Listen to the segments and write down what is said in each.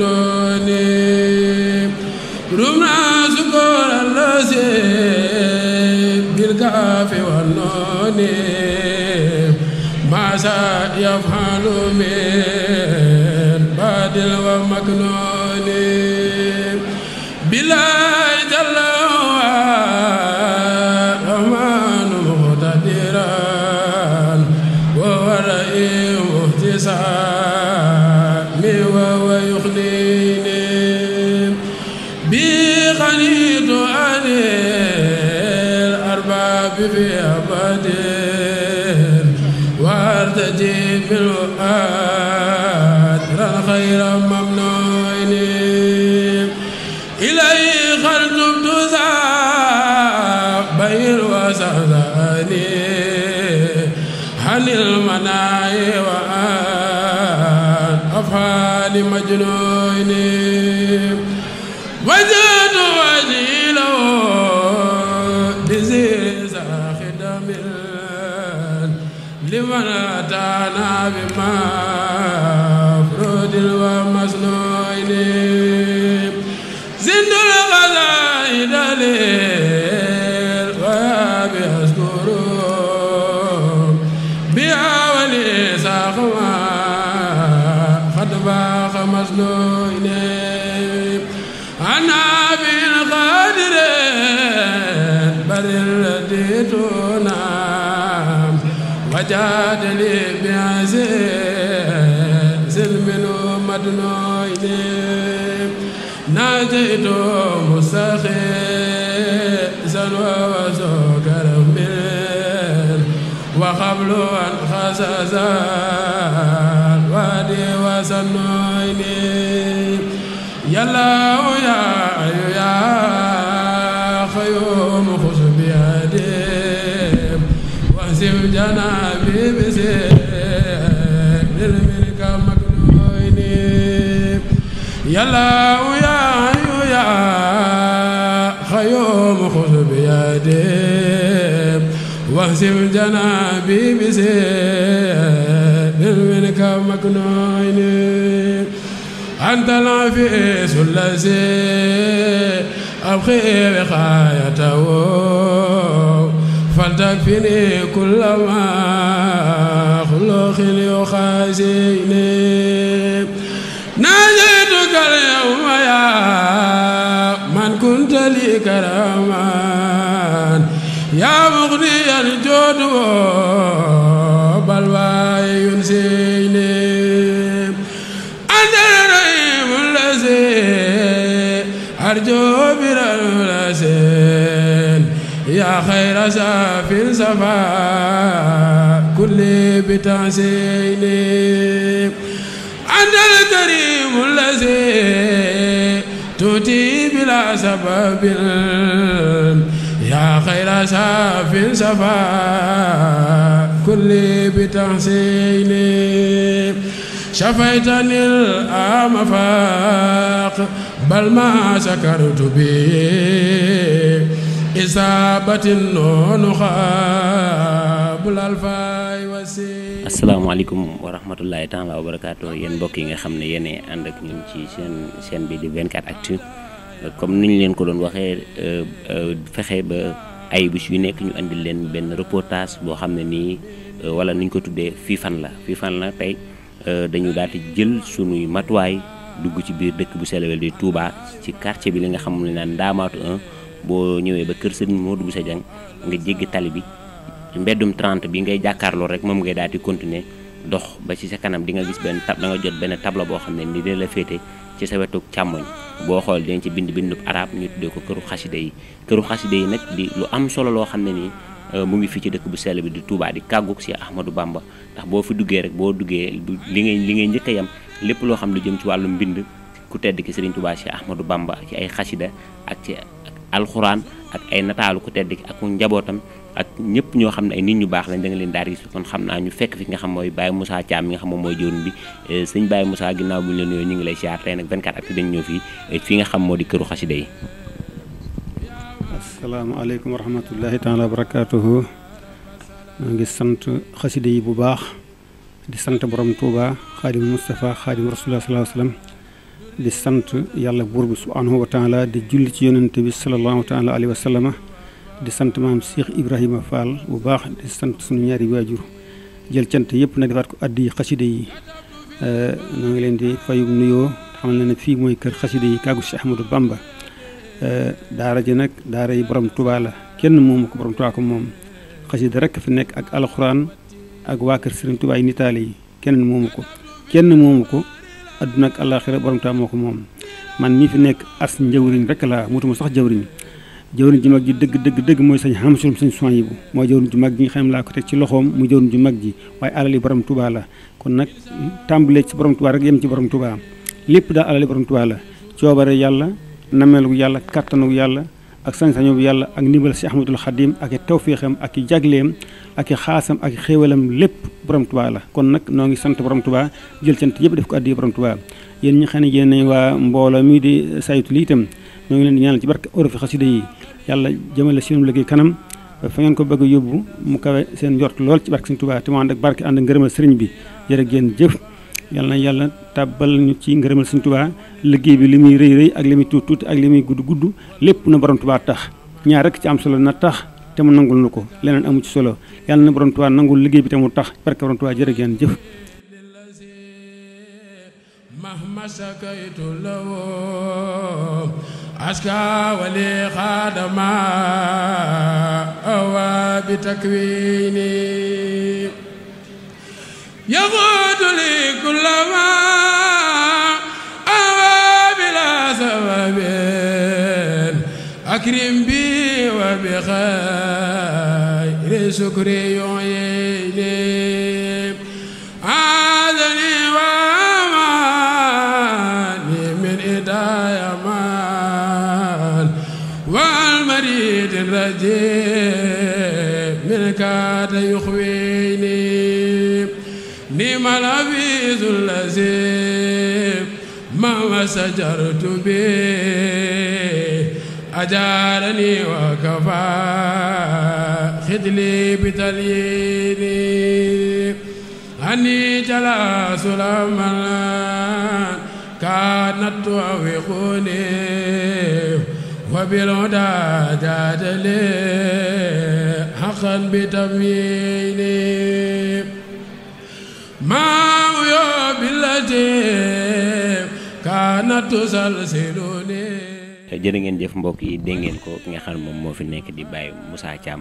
الكنون رمنا سكور الذي بالكاف والنون ماذا يفعل من بادل ومكنون بلا بالوآد غير ممنون إليه خلدم تذاب بين وسوداني عن المناي وآن أفعال مجنون وجه من أتانا بما فرود ومسنون زند الغزائد للغاب أذكرهم بها ولساقما قد باق مسنون أنا بالقادر بل الذي تنام وجاد لي بعزيز المنو مدنوي ناديت مستخيزا وزوكر من وقبل أن خززا وادي وسنويني يلا يا يا خيوم خذ بيدي واهزم جناح يلا ويا يا خيوم خذ بيدي واهزم جنابي بزين منك مكنون أنت العفيس الذي أبخي بخايته فلتكفني كل ما خلق يخازيني كرمان يا مغني الجود بل ينسيني أنت الرحيم الذي أرجو بر يا خير سافر سفا كل بتحسيني أنت الكريم الذي تؤتي بلا سبب يا خير ساف سفا كل بتحسين شفيتني الآم فاق بل ما سكرت به إصابة نون قبل الفاي وسيل asalaamaaleykum wa rahmatullahi taala wa barakaatu yéen mbokk yi nga xam ne yéen ànd ak ñun ci seen chaîne bi di 24 actu comme niñ leen ko doon waxee euh, euh, fexe ba ay bés yu nekk ñu andil leen benn reportage boo xam ne nii euh, wala niñ ko tuddee fii fan la fii fan la tey dañu daal di jël sunuy matuwaay dugg ci biir dëkk bu selewel di Touba ci quartier bi li nga xamul ne naan Ndaamaatu 1 boo ñëwee ba kër Serigne Modou Bousso jang nga jéggi tali bi mbeddum 30 bi ngay jàkkaarloo rek moom ngay daal di continuer dox ba ci sa kanam di nga gis benn tab da nga jot benn tabla boo xam ne ni dina féete ci sa wetu càmmoñ boo xool dañ ci bind bindu araab ñu tuddee ko këru xasida yi këru xasida yi nag di lu am solo loo xam ne nii euh, mu ngi fii ci dëkk bu sell bi di tuubaa di kàggug si Ahmadou Bamba ndax boo fi duggee rek boo duggee li ngay li ngay njëkk a yem lépp loo xam lu jëm ci wàllu mbind ku tedd ki Serigne Touba si Ahmadou Bamba ci ay xasida ak ci alxuraan ak ay nataalu ku tedd ki ak njabootam ak ñëpp ñoo xam ne ay nit ñu baax lañ da nga leen daal gis kon xam naa ñu fekk fi nga xam mooy Baye Moussa Thiam mi nga xam moom mooy jëwriñ bi eh, sëñ leen nuyoo ñu ngi lay siyaar tey nag 24 actu dañ ñëw fii eh, fi nga xam moo di këru xasida yi asalaamaaleykum wa rahmatullahi taala wa barakaatuhu maa ngi sant xasida yi bu baax di sant borom Touba xaadim Moustapha xaadim rasulullah sula alayhi wasallam di sant yàlla buur bi subhanahu wa taala di julli ci yonente bi sallallahu taala alayhi wa sallama di sant maam Cheikh Ibrahima Fall bu baax di sant suñu ñaari waajur jël cant yëpp na defaat ko addi xaside yi euh, noo ngi leen di fayum nuyoo xamal na fii mooy kër xaside yi kàggu Cheikh Ahmadou Bamba euh, daara ji nag daara yi borom Tuubaa la kenn moomu ko borom Tuubaa ko moom xaside rek fi nekk ak alxuraan ak waa kër Sëriñ Tuubaa nitaale yi kenn moomu ko kenn moomu ko adduna ak àllaaxira borom Tuubaa moo ko moom man ñi fi nekk as njëwriñ rek laa mutuma sax jëwriñ jëwriñ ji mag ji dëgg dëgg dëgg mooy sañ xamsurum sëñ soin yi bu mooy jëwriñ ju mag ji nga xam ne laa ko teg ci loxoom mu jëwriñ ju mag ji waaye alal yi borom tubaa la kon nag tàmbalee ci borom tubaa rek ci borom tubaa lépp daal alal yi borom tubaa la coobare yàlla namelu yàlla kattanu yàlla ak sañ bu yàlla ak ndimbal si ahmadul xadim ak i tawféexam ak i jagleem ak i xaasam ak i xéewalam lépp borom tubaa la kon nag noo ngi sant borom tubaa jël sant yëpp def ko addi borom tubaa yéen ñi xam ne yéen waa mbooloo mi di saytu li ñoo ngi leen di ñaanal ci barke yàlla jëmale seenum liggéey kanam fa ngeen ko bëgg a yóbbu mu kawe seen njort lool ci barke Sëriñ Tuubaa te mu ànd ak barke ànd ngërëmal sëriñ bi jërë ngeen jëf yàlla na yàlla tàbbal ñu ci ngërëmal Sëriñ Tuubaa liggéey bi li muy rëy rëy ak li muy tuuti tuuti ak li muy gudd gudd lépp na borom tax ñaar rek ci am solo na tax te mu nangul nu ko leneen amu ci solo yàlla na borom Tuubaa nangul liggéey bi te mu tax barke borom Tuubaa jërë jëf أشكى ولي خادما وبتكويني يغود لي كل ما أوى بلا سبب أكرم بي وبخير شكري يعيني ذات يخويني نيم العبيد الذي ما سجرت به أجارني وكفى خذلي بتلييني أني جلا سلاما كانت توافقني وبالهدى جادلي حقا بتمويله ما ويا بالتي كانت تسلسلني jërë ngeen jëf mbokk yi dégg ngeen ko ki nga xam moom moo fi nekk di Baye Moussa Thiam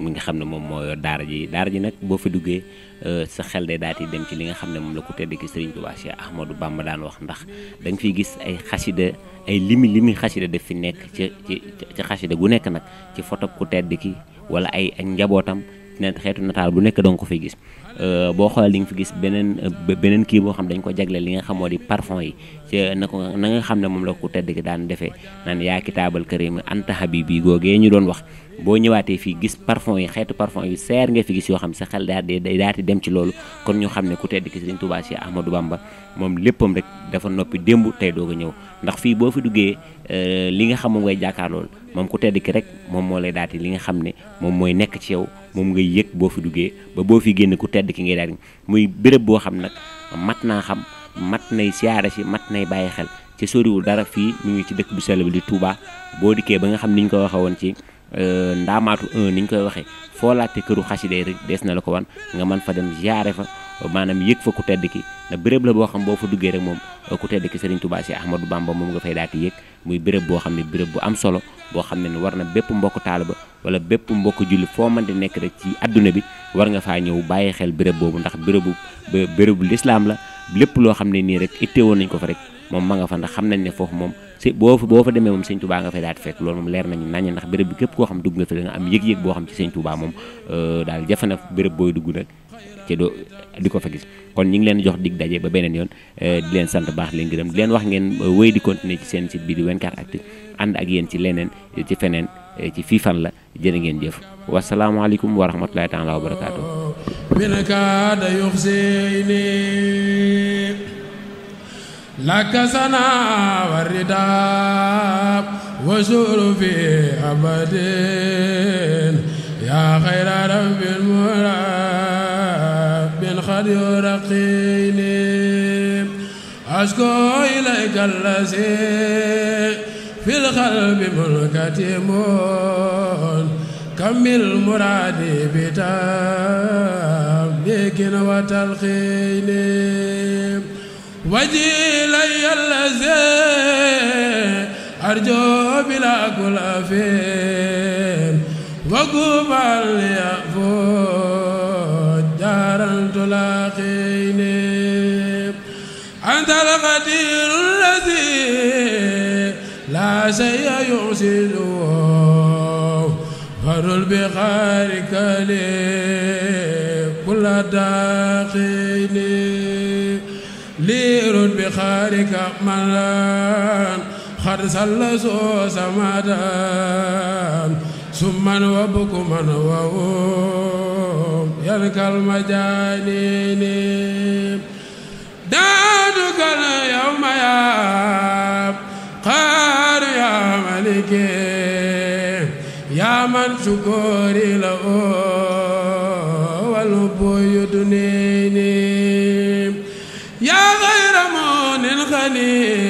mu nga xam ne moom moo daara ji daara ji nag boo fi duggee euh, sa xel day daal di dem ci li nga xam ne moom la ko tedd ki Serigne Touba Cheikh Ahmadou ma daan wax ndax da nga fiy gis ay xasida ay limi limi xasida def fi nekk ci ci ci xasida gu nekk nag ci photo ku tedd ki wala ay njabootam. ne xeetu nataal bu nekk danga ko fi gis euh, boo xoolee li nga fi gis beneen euh, beneen kii boo xam dañ ko jagleel li nga xamoo di parfum yi ci na ko na nga xam ne moom la ko tedd ki daan defee naan yaa kitaabal karim anta habibi googee ñu doon wax boo ñëwaatee fii gis parfum yi xeetu parfum yu seer nga fi gis yoo xam sa xel daa day daati dem ci loolu kon ñu xam ne ku tedd ki Sëriñ Tuubaa si Ahmadou Bamba moom léppam rek dafa noppi démb tey doog a ñëw ndax fii boo fi duggee euh, li nga xam moom ngay jàkkaar loolu moom ku tedd ki rek moom moo lay daati li nga xam ne moom mooy nekk ci yow moom ngay yëg boo fi duggee ba boo fi génn ku tedd ki ngay daal muy béréb boo xam nag mat naa xam mat nay siyaare si mat nay bàyyi xel ci soriwul dara fii ñu ngi ci dëkk bu sell bi di tuubaa boo dikkee ba nga xam ni ñu ko waxee woon ci euh, ndaamaatu ni ñu koy waxee foo laajte këru xasida rek des na la ko wan nga mën fa dem siyaare fa maanaam yëg fa ku tedd ki ndax béréb la boo xam boo fa duggee rek moom euh, ku tedd ki Serigne Touba si Ahmadou Bamba moom nga fay daal di yëg muy béréb boo xam ne béréb bu am solo boo xam ne ni war na bépp mbokk taaliba wala bépp mbokk julli foo mën di nekk rek ci adduna bi war nga faa ñëw bàyyi xel béréb boobu ndax bérébu bérébu lislaam la lépp loo xam ne nii rek itteewoon nañ ko fa rek moom ma nga fa ndax xam nañ ne foofu moom si boo fa boo fa demee moom sëñ Touba nga fay daal fekk loolu moom leer nañu naññe ndax béréb bi képp koo xam dugg nga fi da nga am yëg-yëg boo xam ci sëñ Touba moom euh, daal jafe na béréb booy dugg nag ci di ko fa gis kon ñu ngi leen jox dig daje ba beneen yoon eh, di leen sant baax leen gërëm di leen wax ngeen eh, wéy di continé ci seen site bi di 24actu ànd ak yéen ci leneen ci feneen eh, ci fii fan la jërë ngeen jëf wasalaamualeykum wa rahmatulahi taala wa barakaatu binakaada yuxsini لك سنا والرداء وزور في أبد يا خير قد يرقيني أشكو إليك الذي في القلب منكتم كمل مرادي بتمليك وتلقين وجي إلي الذي أرجو بلا كل فين وقبل يأفور العقين أنت القدير الذي لا شيء يعسله فر بخارك لي كل داخل لير بخارك ملان خرس الله سمدان سما وبكما وهم يلقى المجانين دادك اليوم يا قار يا ملك يا من شكوري له والحب يدنيني يا غير مون غني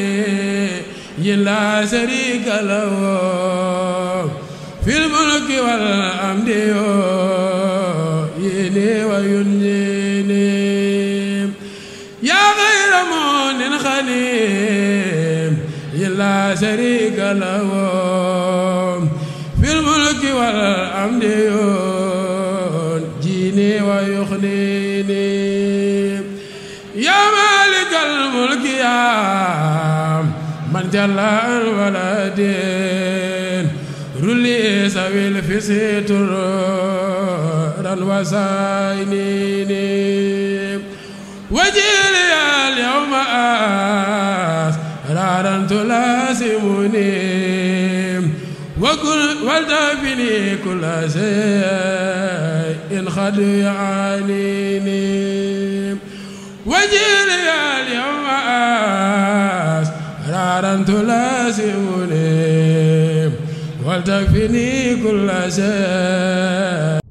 لا شريك له والأمد يلي وينجيني يا غير مون غنيم يلا شريك له في الملك والأمد ينجيني ويخنيني يا مالك الملك يا من جل الولدين رلي سوي الفسيتر ران وساينيني وجيلي اليوم آس رارا تلاسمني وكل والتفني كل شيء خد يعانيني وجيلي اليوم آس رارا تلاسمني takfini kulla shay